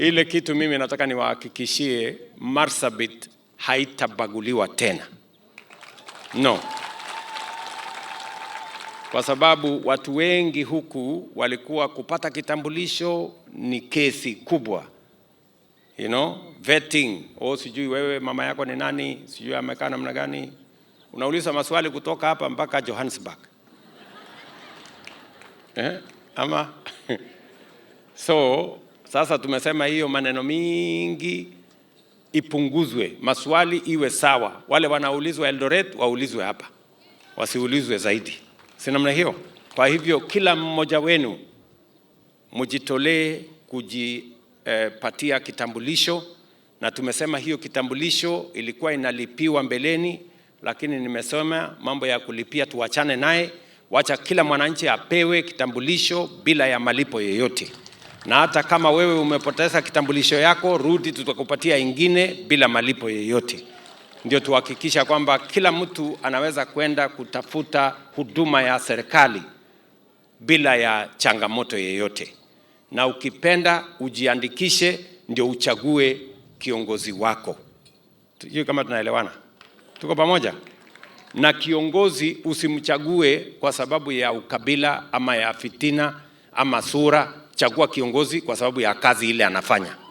Ile kitu mimi nataka niwahakikishie, Marsabit haitabaguliwa tena, no, kwa sababu watu wengi huku walikuwa kupata kitambulisho ni kesi kubwa, you know, vetting au oh, sijui wewe mama yako ni nani, sijui amekaa namna gani, unauliza maswali kutoka hapa mpaka Johannesburg eh? ama so sasa tumesema hiyo maneno mingi ipunguzwe, maswali iwe sawa, wale wanaulizwa Eldoret waulizwe hapa, wasiulizwe zaidi, si namna hiyo? Kwa hivyo kila mmoja wenu mjitolee kujipatia eh, kitambulisho na tumesema hiyo kitambulisho ilikuwa inalipiwa mbeleni, lakini nimesema mambo ya kulipia tuachane naye, wacha kila mwananchi apewe kitambulisho bila ya malipo yoyote na hata kama wewe umepoteza kitambulisho yako, rudi, tutakupatia ingine bila malipo yeyote. Ndio tuhakikisha kwamba kila mtu anaweza kwenda kutafuta huduma ya serikali bila ya changamoto yeyote, na ukipenda ujiandikishe, ndio uchague kiongozi wako. Tujue kama tunaelewana, tuko pamoja. Na kiongozi usimchague kwa sababu ya ukabila ama ya fitina ama sura chagua kiongozi kwa sababu ya kazi ile anafanya.